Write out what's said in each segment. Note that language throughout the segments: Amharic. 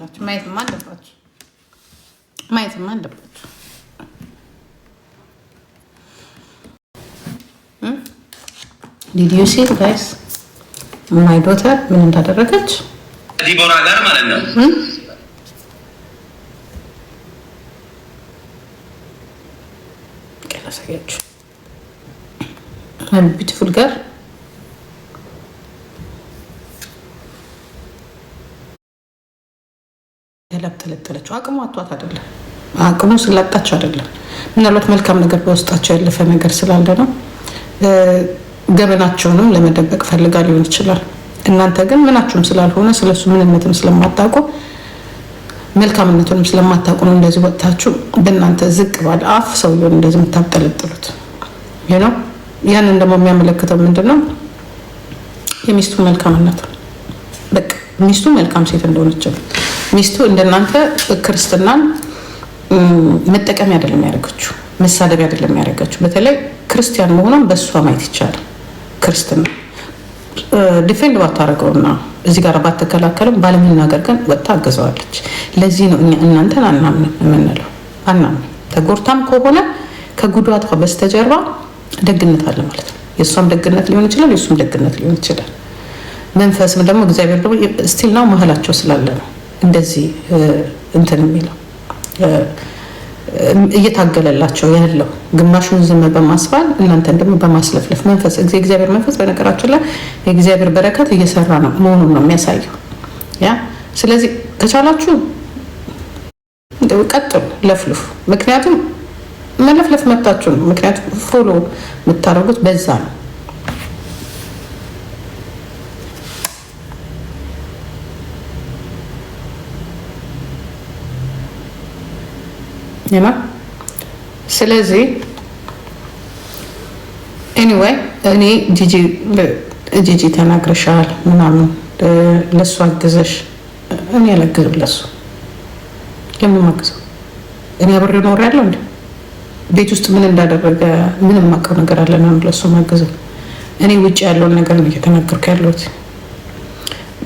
ትችላላችሁ። ማየትማ አለባችሁ ማየትማ አለባችሁ። ዲድ ዩ ሲ ጋይስ ማይ ዶተር ምን እንዳደረገች ዲቦራ ጋር ማለት ነው። ቢዩቲፉል ጋር ያላብጠለጠለችው አቅሙ አቷት አይደለም። አቅሙ ስላጣች አይደለም። ምናልባት መልካም ነገር በውስጣቸው ያለፈ ነገር ስላለ ነው። ገበናቸውንም ለመደበቅ ፈልጋ ሊሆን ይችላል። እናንተ ግን ምናችሁም ስላልሆነ ስለሱ ምንነትም ስለማታውቁ መልካምነቱንም ስለማታውቁ ነው እንደዚህ ወጥታችሁ በእናንተ ዝቅ ባለ አፍ ሰውየውን እንደዚህ የምታብጠለጥሉት ነው። ያንን ደግሞ የሚያመለክተው ምንድን ነው? የሚስቱ መልካምነቱ በቃ ሚስቱ መልካም ሴት እንደሆነች ሚስቱ እንደናንተ ክርስትናን መጠቀም አይደለም ያደረገችው፣ መሳደብ አይደለም ያደረገችው። በተለይ ክርስቲያን መሆኗን በእሷ ማየት ይቻላል። ክርስትና ዲፌንድ ባታደረገውና እዚህ ጋር ባትከላከልም ባለመናገር ግን ወጥታ አግዘዋለች። ለዚህ ነው እናንተን አናምን የምንለው። አናምን ተጎርታም ከሆነ ከጉዳቷ በስተጀርባ ደግነት አለ ማለት ነው። የእሷም ደግነት ሊሆን ይችላል፣ የእሱም ደግነት ሊሆን ይችላል። መንፈስም ደግሞ እግዚአብሔር ደግሞ ስቲል ነው መሀላቸው ስላለ ነው እንደዚህ እንትን የሚለው እየታገለላቸው ያለው ግማሹን ዝም በማስባል እናንተን ደግሞ በማስለፍለፍ መንፈስ እግዚአብሔር መንፈስ በነገራችን ላይ የእግዚአብሔር በረከት እየሰራ ነው መሆኑን ነው የሚያሳየው። ያ ስለዚህ ከቻላችሁ ቀጥሉ፣ ለፍልፉ። ምክንያቱም መለፍለፍ መብታችሁ ነው። ምክንያቱም ፎሎ የምታደርጉት በዛ ነው። ስለዚህ ኤኒዌይ እኔ ጂጂ ተናግረሻል ምናምን ለሱ አግዘሽ እኔ አላግዝም። ለሱ ለምን ማግዘው? እኔ አብሬ ኖር ያለው እንደ ቤት ውስጥ ምን እንዳደረገ ምን የማውቀው ነገር አለ ነው ለሱ ማግዘው? እኔ ውጭ ያለውን ነገር ነው እየተናገርኩ ያለሁት።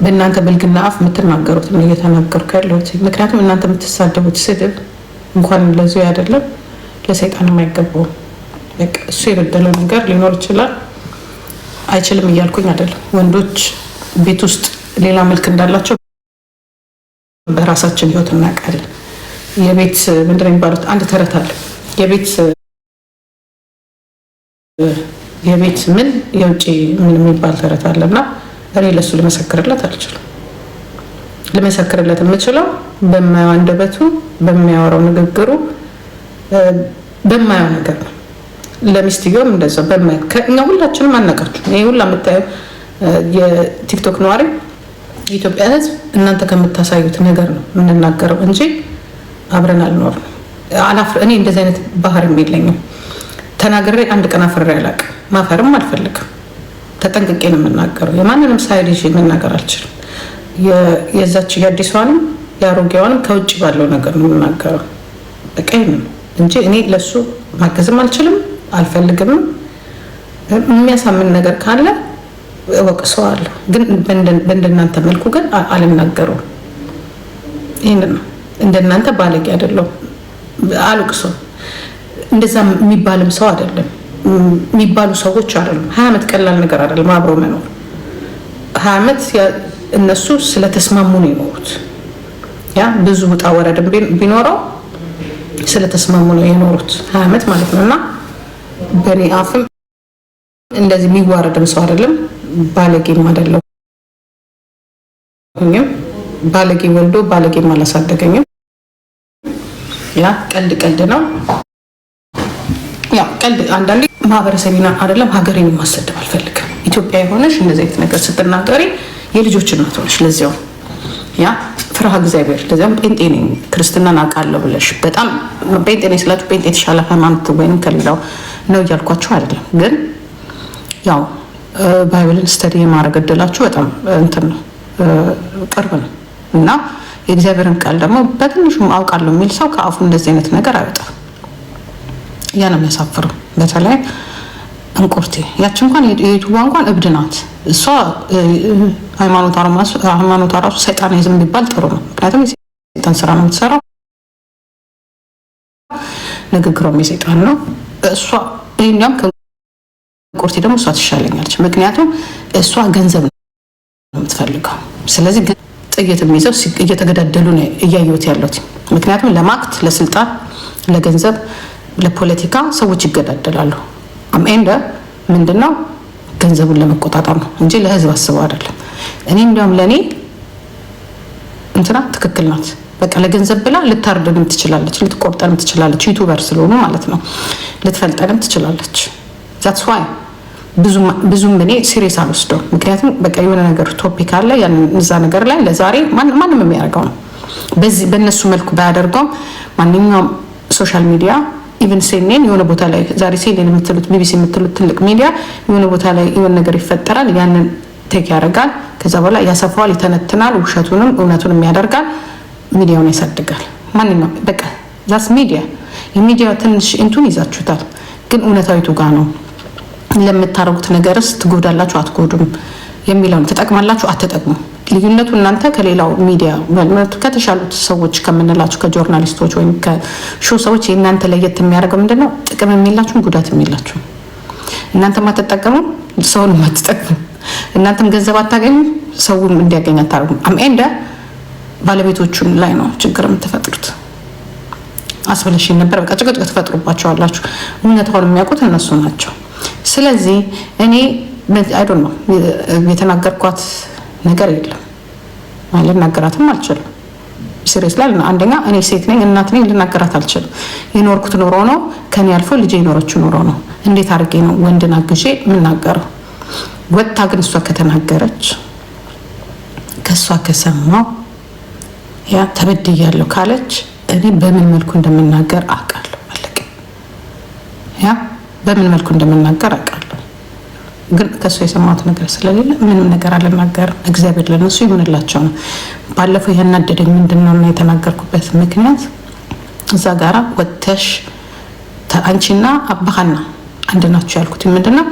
በእናንተ ብልግና አፍ የምትናገሩት ነው እየተናገርኩ ያለሁት። ምክንያቱም እናንተ የምትሳደቡት ስድብ እንኳን ለዚ አይደለም ለሰይጣን የማይገባውም? እሱ የበደለው ነገር ሊኖር ይችላል አይችልም እያልኩኝ አይደለም። ወንዶች ቤት ውስጥ ሌላ መልክ እንዳላቸው በራሳችን ህይወት እናውቃለን። የቤት ምንድን ነው የሚባሉት አንድ ተረት አለ። የቤት የቤት ምን የውጭ ምን የሚባል ተረት አለ እና እኔ ለእሱ ልመሰክርለት አልችልም። ልመሰክርለት የምችለው በማየው አንደበቱ፣ በሚያወራው ንግግሩ፣ በማየው ነገር ነው። ለሚስትየውም እንደዛ በማየ እኛ ሁላችንም አናቃችሁ። ይህ ሁላ የምታየው የቲክቶክ ነዋሪ የኢትዮጵያ ሕዝብ እናንተ ከምታሳዩት ነገር ነው የምንናገረው እንጂ አብረን አልኖርም። እኔ እንደዚህ አይነት ባህርም የለኝም። ተናግሬ አንድ ቀን አፍሬ አላቅም። ማፈርም አልፈልግም። ተጠንቅቄ ነው የምናገረው። የማንንም ሳይድ ይዤ መናገር አልችልም። የዛች የአዲሷንም የአሮጌዋንም ከውጭ ባለው ነገር ነው የምናገረው። በቀይ ነው እንጂ እኔ ለሱ ማገዝም አልችልም አልፈልግም የሚያሳምን ነገር ካለ እወቅሰዋለሁ፣ ግን በእንደናንተ መልኩ ግን አልናገረውም። ይህን ነው እንደናንተ ባለጌ አይደለሁም፣ አልወቅሰውም። እንደዛ የሚባልም ሰው አይደለም የሚባሉ ሰዎች አይደለም። ሀያ ዓመት ቀላል ነገር አይደለም አብሮ መኖር ሀያ ዓመት እነሱ ስለተስማሙ ነው የኖሩት። ያ ብዙ ውጣ ወረድ ቢኖረው ስለተስማሙ ነው የኖሩት ሀያ ዓመት ማለት ነው። እና በእኔ አፍም እንደዚህ የሚዋረድም ሰው አይደለም፣ ባለጌም አይደለም። ባለጌ ወልዶ ባለጌም አላሳደገኝም። ያ ቀልድ ቀልድ ነው። ያ ቀልድ አንዳንዴ ማህበረሰቤን አይደለም ሀገሬን ማሰደብ አልፈልግም። ኢትዮጵያ የሆነች እንደዚህ አይነት ነገር ስትናገሪ የልጆች እናት ሆነሽ ለዚያው ያ ፍርሃ እግዚአብሔር ለዚያም ጴንጤ ነኝ ክርስትናን አውቃለሁ ብለሽ በጣም ጴንጤ ነኝ ስላችሁ ጴንጤ የተሻለ ሃይማኖት ወይም ከሌላው ነው እያልኳቸው አይደለም። ግን ያው ባይብልን ስተዲ የማድረግ እድላችሁ በጣም እንትን ነው ቅርብ ነው እና የእግዚአብሔርን ቃል ደግሞ በትንሹም አውቃለሁ የሚል ሰው ከአፉ እንደዚህ አይነት ነገር አይወጣም። ያ ነው የሚያሳፍረው። በተለይ እንቁርቴ ያች እንኳን የዩቱባ እንኳን እብድ ናት እሷ ሃይማኖቷ ራሱ ሰይጣኒዝም ቢባል ጥሩ ነው። ምክንያቱም የሰይጣን ስራ ነው የምትሰራው፣ ንግግሯም የሰይጣን ነው። እሷ ይህኛም ከቁርቲ ደግሞ እሷ ትሻለኛለች። ምክንያቱም እሷ ገንዘብ ነው የምትፈልገው። ስለዚህ ጥይት የሚይዘው እየተገዳደሉ ነው እያየሁት ያለሁት። ምክንያቱም ለማክት፣ ለስልጣን፣ ለገንዘብ፣ ለፖለቲካ ሰዎች ይገዳደላሉ። ምንድነው ገንዘቡን ለመቆጣጠር ነው እንጂ ለህዝብ አስበው አይደለም። እኔ እንዲያውም ለእኔ እንትና ትክክል ናት። በቃ ለገንዘብ ብላ ልታርደንም ትችላለች፣ ልትቆርጠንም ትችላለች። ዩቱበር ስለሆነ ማለት ነው። ልትፈልጠንም ትችላለች። ዛትስ ዋይ ብዙም እኔ ሲሪየስ አልወስደው። ምክንያቱም በቃ የሆነ ነገር ቶፒክ አለ እዛ ነገር ላይ ለዛሬ ማንም የሚያደርገው ነው። በዚህ በእነሱ መልኩ ባያደርገውም ማንኛውም ሶሻል ሚዲያ ኢቨን ሴኔን የሆነ ቦታ ላይ ዛሬ ሴኔን የምትሉት ቢቢሲ የምትሉት ትልቅ ሚዲያ የሆነ ቦታ ላይ የሆነ ነገር ይፈጠራል። ያንን ቴክ ያደርጋል ከዛ በኋላ ያሰፋዋል፣ ይተነትናል፣ ውሸቱንም እውነቱንም ያደርጋል፣ ሚዲያውን ያሳድጋል። ማንኛው በቃ ዛስ ሚዲያ የሚዲያ ትንሽ እንቱን ይዛችሁታል፣ ግን እውነታዊቱ ጋ ነው ለምታደርጉት ነገርስ ትጎዳላችሁ አትጎዱም የሚለውን ትጠቅማላችሁ አትጠቅሙም። ልዩነቱ እናንተ ከሌላው ሚዲያ ከተሻሉት ሰዎች ከምንላችሁ ከጆርናሊስቶች ወይም ከሾ ሰዎች የእናንተ ለየት የሚያደርገው ምንድነው? ጥቅም የሚላችሁም ጉዳት የሚላችሁ እናንተ ማትጠቀሙ ሰውን ማትጠቅሙ እናንተም ገንዘብ አታገኙ፣ ሰውም እንዲያገኝ አታደርጉም። አምኤንደ ባለቤቶቹን ላይ ነው ችግር የምትፈጥሩት። አስበለሽ ነበር። በቃ ጭቅጭቅ ትፈጥሩባቸዋላችሁ። እውነታውን የሚያውቁት እነሱ ናቸው። ስለዚህ እኔ አይዶ ነው የተናገርኳት ነገር የለም ልናገራትም አልችልም። ሲሪየስ ላይ አንደኛ እኔ ሴት ነኝ፣ እናት ነኝ፣ ልናገራት አልችልም። የኖርኩት ኖሮ ነው። ከኔ አልፎ ልጄ የኖረችው ኖሮ ነው። እንዴት አድርጌ ነው ወንድን አግዤ የምናገረው? ወጥታ ግን እሷ ከተናገረች ከእሷ ከሰማው ያ ተበድያለሁ ካለች እኔ በምን መልኩ እንደምናገር አውቃለሁ። አለቀ። ያ በምን መልኩ እንደምናገር አውቃለሁ። ግን ከእሷ የሰማሁት ነገር ስለሌለ ምንም ነገር አልናገርም። እግዚአብሔር ለነሱ ይሆንላቸው ነው። ባለፈው ያናደደኝ ምንድን ነው እና የተናገርኩበት ምክንያት እዛ ጋራ ወጥተሽ አንቺና አባሃና አንድ ናቸው ያልኩት ምንድን ነው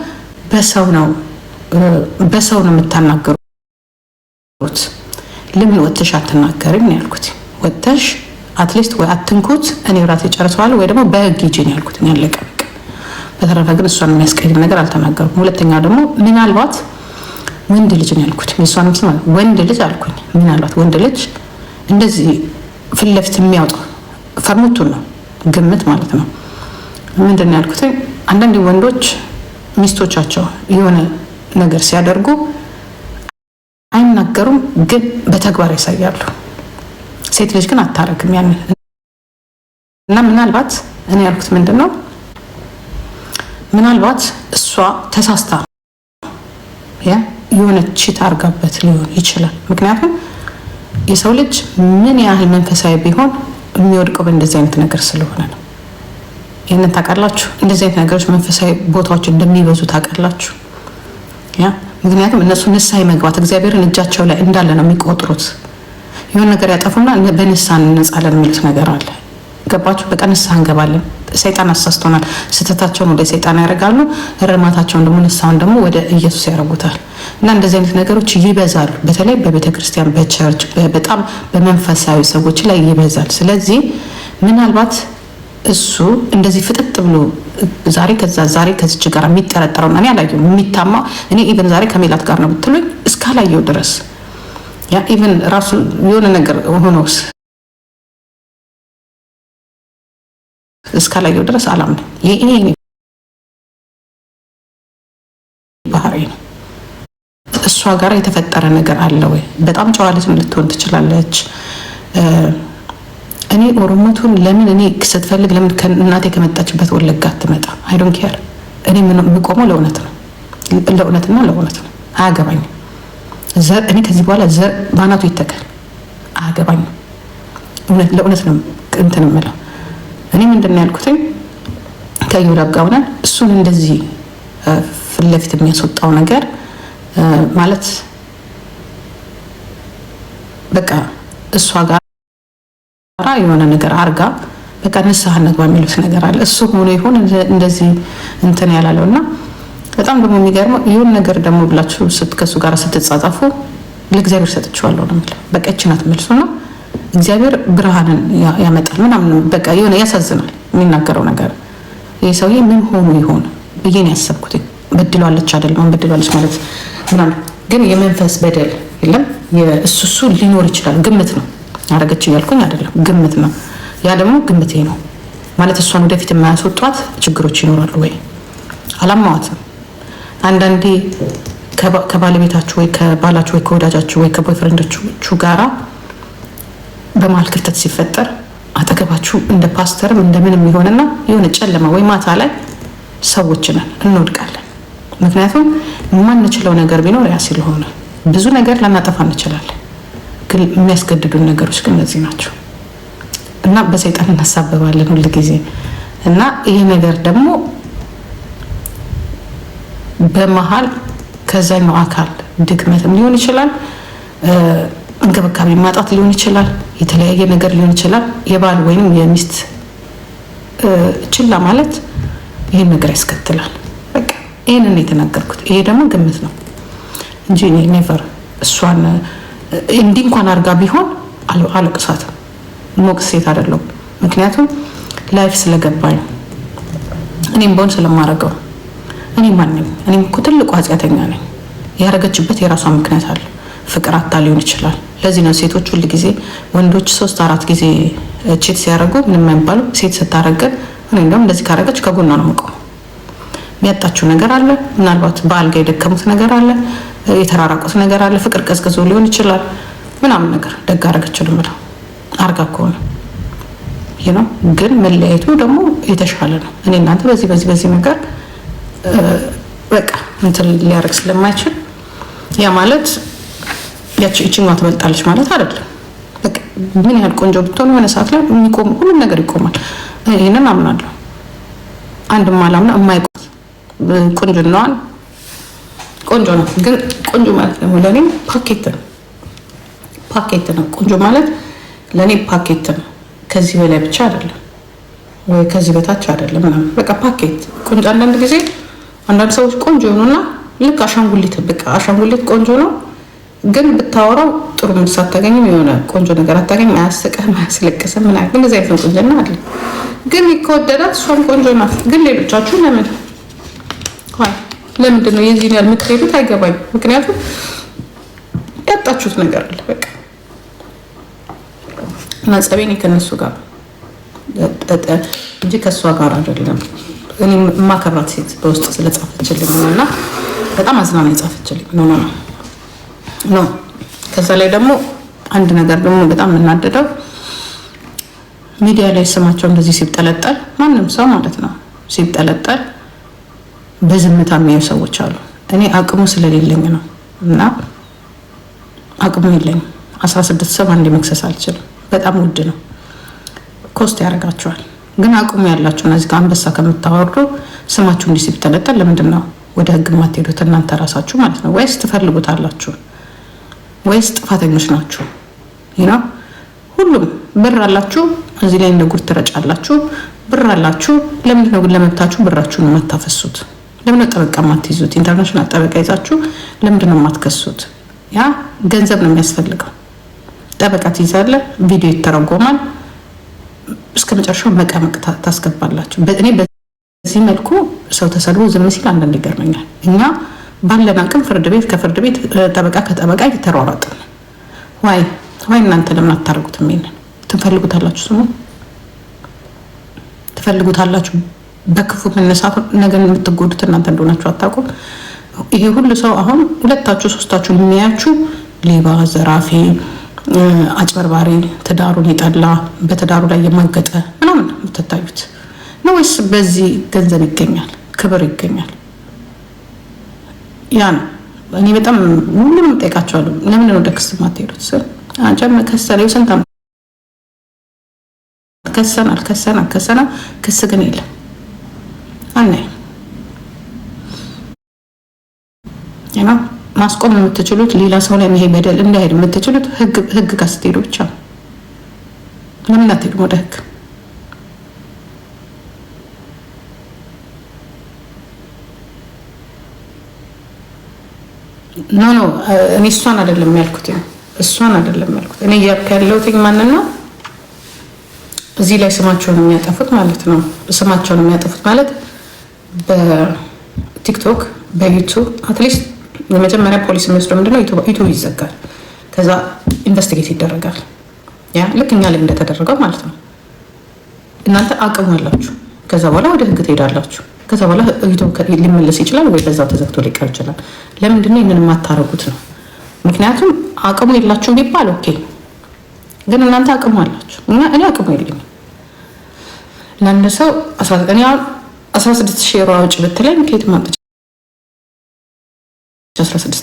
በሰው ነው በሰው ነው የምታናገሩት። ለምን ወጥተሽ አትናገርም ነው ያልኩት። ወጥተሽ አትሊስት ወይ አትንኩት፣ እኔ ራት ጨርሰዋል፣ ወይ ደግሞ በህግ ይጅን ያልኩት። ያለቀ በተረፈ ግን እሷን የሚያስቀይም ነገር አልተናገርኩም። ሁለተኛ ደግሞ ምናልባት ወንድ ልጅ ነው ያልኩት። የእሷን ምስል ወንድ ልጅ አልኩኝ። ምናልባት ወንድ ልጅ እንደዚህ ፊት ለፊት የሚያወጣው ፈርሙቱን ነው ግምት ማለት ነው። ምንድን ነው ያልኩት? አንዳንድ ወንዶች ሚስቶቻቸው የሆነ ነገር ሲያደርጉ አይናገሩም፣ ግን በተግባር ያሳያሉ። ሴት ልጅ ግን አታረግም ያን እና ምናልባት እኔ ያልኩት ምንድን ነው ምናልባት እሷ ተሳስታ የሆነ ቺት አርጋበት ሊሆን ይችላል። ምክንያቱም የሰው ልጅ ምን ያህል መንፈሳዊ ቢሆን የሚወድቀው በእንደዚህ አይነት ነገር ስለሆነ ነው። ይህንን ታውቃላችሁ። እንደዚህ አይነት ነገሮች መንፈሳዊ ቦታዎች እንደሚበዙ ታውቃላችሁ። ምክንያቱም እነሱ ንስሐ መግባት እግዚአብሔርን እጃቸው ላይ እንዳለ ነው የሚቆጥሩት። የሆነ ነገር ያጠፉና በንስሐ እንነጻለን የሚሉት ነገር አለ። ገባችሁ? በቃ ንስሐ እንገባለን። ሰይጣን አሳስቶናል። ስህተታቸውን ወደ ሰይጣን ያደርጋሉ። እርማታቸውን ደግሞ ንስሐውን ደግሞ ወደ ኢየሱስ ያደርጉታል። እና እንደዚህ አይነት ነገሮች ይበዛሉ። በተለይ በቤተ ክርስቲያን፣ በቸርች፣ በጣም በመንፈሳዊ ሰዎች ላይ ይበዛል። ስለዚህ ምናልባት እሱ እንደዚህ ፍጥጥ ብሎ ዛሬ ከዛ ዛሬ ከዚች ጋር የሚጠረጠረው እኔ አላየሁም። የሚታማው እኔ ኢቨን ዛሬ ከሜላት ጋር ነው ብትሉኝ እስካላየው ድረስ ያ ኢቨን ራሱ የሆነ ነገር ሆኖስ እስካላየው ድረስ አላምንም። ይሄ ባህሪ ነው። እሷ ጋር የተፈጠረ ነገር አለ ወይ? በጣም ጨዋ ልትሆን ትችላለች። እኔ ኦሮሞቱን ለምን እኔ ስትፈልግ ለምን እናቴ ከመጣችበት ወለጋ ትመጣ? አይ ዶንት ኬር። እኔ የምቆመው ለእውነት ነው፣ ለእውነትና ለእውነት ነው። አያገባኝ ዘር እኔ ከዚህ በኋላ ዘር ባናቱ ይተካል። አያገባኝ። ለእውነት ነው እንትን የምለው እኔ ምንድን ያልኩትኝ ከዮዳብ ጋር ሆነን እሱን እንደዚህ ፊት ለፊት የሚያስወጣው ነገር ማለት በቃ እሷ ጋር ራ የሆነ ነገር አርጋ በቃ ንስሐ እንግባ የሚሉት ነገር አለ። እሱ ሆኖ ይሆን እንደዚህ እንትን ያላለው እና በጣም ደግሞ የሚገርመው ይሁን ነገር ደግሞ ብላችሁ ከእሱ ጋር ስትጻጻፉ ለእግዚአብሔር ሰጥቼዋለሁ ነው የሚለው። በቃ ይህች ናት መልሱ ነው። እግዚአብሔር ብርሃንን ያመጣል ምናምን በቃ የሆነ ያሳዝናል የሚናገረው ነገር። ይህ ሰውዬ ምን ሆኖ ይሆን ብዬን ያሰብኩት በድሏለች አይደለም ማን በድሏለች ማለት ምናምን፣ ግን የመንፈስ በደል የለም። እሱ እሱ ሊኖር ይችላል ግምት ነው አረገች እያልኩኝ አይደለም፣ ግምት ነው። ያ ደግሞ ግምቴ ነው ማለት እሷን ወደፊት የማያስወጧት ችግሮች ይኖራሉ ወይ አላማዋትም። አንዳንዴ ከባለቤታችሁ ወይ ከባላችሁ ወይ ከወዳጃችሁ ወይ ከቦይፍሬንዶቹ ጋራ በመሀል ክፍተት ሲፈጠር አጠገባችሁ እንደ ፓስተርም እንደምን የሚሆንና የሆነ ጨለማ ወይ ማታ ላይ ሰዎች ነን እንወድቃለን። ምክንያቱም የማንችለው ነገር ቢኖር ያ ስለሆነ ብዙ ነገር ላናጠፋ እንችላለን። የሚያስገድዱ የሚያስገድዱን ነገሮች ግን እነዚህ ናቸው እና በሰይጣን እናሳበባለን ሁል ጊዜ እና ይህ ነገር ደግሞ በመሀል ከዛኛው አካል ድክመትም ሊሆን ይችላል፣ እንክብካቤ ማጣት ሊሆን ይችላል፣ የተለያየ ነገር ሊሆን ይችላል። የባል ወይም የሚስት ችላ ማለት ይህን ነገር ያስከትላል። በቃ ይህንን የተናገርኩት ይሄ ደግሞ ግምት ነው እንጂ ኔቨር እሷን እንዲህ እንኳን አድርጋ ቢሆን አለቅሳትም። ሞቅ ሴት አይደለሁም። ምክንያቱም ላይፍ ስለገባኝ እኔም በሆን ስለማረገው እኔ ማንም እኔም እኮ ትልቁ ኃጢአተኛ ነኝ። ያደረገችበት የራሷ ምክንያት አለ። ፍቅር አታ ሊሆን ይችላል። ለዚህ ነው ሴቶች ሁል ጊዜ ወንዶች ሶስት አራት ጊዜ ቺት ሲያደርጉ ምንም አይባሉ። ሴት ስታረገን እኔ እንደውም እንደዚህ ካረገች ከጎኗ ነው የምቆመው ያጣችው ነገር አለ። ምናልባት በአልጋ የደከሙት ነገር አለ፣ የተራራቁት ነገር አለ። ፍቅር ቀዝቅዞ ሊሆን ይችላል ምናምን ነገር ደግ አደረገችው ልምለው አርጋ ከሆነ ነው። ግን መለያየቱ ደግሞ የተሻለ ነው። እኔ እናንተ በዚህ በዚህ በዚህ ነገር በቃ እንትን ሊያደርግ ስለማይችል ያ ማለት ይችኛዋ ትበልጣለች ማለት አይደለም። ምን ያህል ቆንጆ ብትሆን የሆነ ሰዓት ላይ የሚቆም ሁሉም ነገር ይቆማል። ይህንን አምናለሁ። አንድ ማላምና ቁንጅናዋን ቆንጆ ነው። ግን ቆንጆ ማለት ደግሞ ለእኔ ፓኬት ነው፣ ፓኬት ነው። ቆንጆ ማለት ለእኔ ፓኬት ነው። ከዚህ በላይ ብቻ አይደለም ወይ ከዚህ በታች አይደለም ምናምን በቃ ፓኬት ቆንጆ። አንዳንድ ጊዜ አንዳንድ ሰዎች ቆንጆ የሆኑና ልክ አሻንጉሊት በቃ አሻንጉሊት ቆንጆ ነው፣ ግን ብታወራው ጥሩ ምርስ አታገኝም፣ የሆነ ቆንጆ ነገር አታገኝም፣ አያስቅህም፣ አያስለቅስም ምናምን። እንደዚህ አይነት ቆንጆና አለ። ግን ከወደዳት እሷም ቆንጆ ናት። ግን ሌሎቻችሁ ለምን ለምንድን ነው የዚህን ያህል የምትሄዱት? አይገባኝ። ምክንያቱም ያጣችሁት ነገር አለ። በቃ ማጸቤን ከነሱ ጋር እንጂ ከእሷ ጋር አይደለም። እኔ የማከብራት ሴት በውስጥ ስለጻፈችልኝ ነው እና በጣም አዝናና የጻፈችልኝ ነው ነው። ከዛ ላይ ደግሞ አንድ ነገር ደግሞ በጣም የምናደደው ሚዲያ ላይ ስማቸው እንደዚህ ሲጠለጠል ማንም ሰው ማለት ነው ሲጠለጠል በዝምታ የሚያዩ ሰዎች አሉ። እኔ አቅሙ ስለሌለኝ ነው እና አቅሙ የለኝም። አስራ ስድስት ሰብ አንድ መክሰስ አልችልም። በጣም ውድ ነው፣ ኮስት ያደርጋቸዋል። ግን አቅሙ ያላቸው እነዚህ አንበሳ ከምታወርዱ ስማችሁ እንዲህ ሲብተለጠል ለምንድን ነው ወደ ህግ የማትሄዱት እናንተ ራሳችሁ ማለት ነው? ወይስ ትፈልጉታላችሁ? ወይስ ጥፋተኞች ናችሁ? ይነው ሁሉም ብር አላችሁ፣ እዚህ ላይ እንደ ጉድ ትረጫላችሁ። ብር አላችሁ፣ ለምንድን ነው ግን ለመብታችሁ ብራችሁን የማታፈሱት? ለምን ጠበቃ የማትይዙት? ኢንተርናሽናል ጠበቃ ይዛችሁ ለምንድን ነው የማትከሱት? ያ ገንዘብ ነው የሚያስፈልገው። ጠበቃ ትይዛለ፣ ቪዲዮ ይተረጎማል፣ እስከ መጨረሻው መቀመቅ ታስገባላችሁ። እኔ በዚህ መልኩ ሰው ተሰልቦ ዝም ሲል አንዳንድ ይገርመኛል። እኛ ባለን አቅም ፍርድ ቤት ከፍርድ ቤት ጠበቃ ከጠበቃ እየተሯሯጥን ዋይ ዋይ፣ እናንተ ለምን አታደርጉት? የሚልን ስሙ ትፈልጉታላችሁ በክፉ መነሳት ነገር የምትጎዱት እናንተ እንደሆናችሁ አታውቁም። ይሄ ሁሉ ሰው አሁን ሁለታችሁ ሶስታችሁ የሚያያችሁ ሌባ፣ ዘራፊ፣ አጭበርባሪ፣ ትዳሩን የጠላ በትዳሩ ላይ የማገጠ ምናምን የምትታዩት ነው ወይስ በዚህ ገንዘብ ይገኛል፣ ክብር ይገኛል? ያ ነው እኔ በጣም ሁሉም እጠይቃቸዋለሁ። ለምን ወደ ክስ ማትሄዱት ስ አንጨም ከሰለ ስንት ከሰናል ከሰናል ከሰና ክስ ግን የለም አናይ እና ማስቆም የምትችሉት ሌላ ሰው ላይ ይሄ በደል እንዳይሄድ የምትችሉት ህግ ጋር ስትሄዱ ብቻ ነው። ለምን አትሄዱም ወደ ህግ? ኖ ኖ እኔ እሷን አይደለም ያልኩት፣ እሷን አይደለም ያልኩት። እኔ እያልኩ ያለሁት ማንን ነው? እዚህ ላይ ስማቸውን የሚያጠፉት ማለት ነው። ስማቸውን የሚያጠፉት ማለት በቲክቶክ በዩቱብ አትሊስት የመጀመሪያ ፖሊስ የሚወስደው ምንድነው? ዩቱብ ይዘጋል። ከዛ ኢንቨስቲጌት ይደረጋል። ያ ልክ እኛ ላይ እንደተደረገው ማለት ነው። እናንተ አቅሙ አላችሁ። ከዛ በኋላ ወደ ህግ ትሄዳላችሁ። ከዛ በኋላ ዩቱብ ሊመለስ ይችላል ወይ በዛ ተዘግቶ ሊቀር ይችላል። ለምንድነው ይህንን የማታረጉት ነው? ምክንያቱም አቅሙ የላችሁም ቢባል ኦኬ፣ ግን እናንተ አቅሙ አላችሁ። እኔ አቅሙ የለኝም ለአንድ ሰው 16 ሺህ ሮ አውጭ ብትለኝ ከየት ማምጥቼ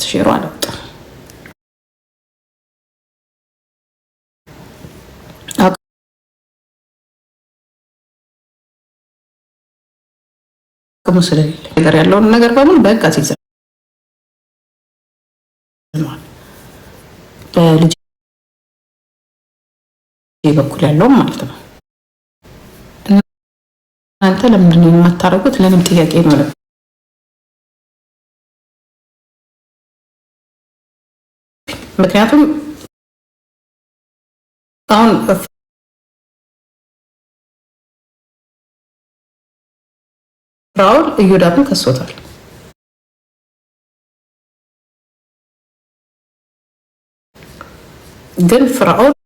ሺህ ሮ አላወጣም። አቅሙ ስለሌለ ነገር ያለውን ነገር በሙሉ በህግ አስይዘነዋል። በልጅ በኩል ያለውም ማለት ነው እናንተ ለምንድን ነው የማታረጉት? ለእኔም ጥያቄ ነው። ምክንያቱም አሁን ፍራውል እዮዳብን ከሶታል። ግን ፍራኦል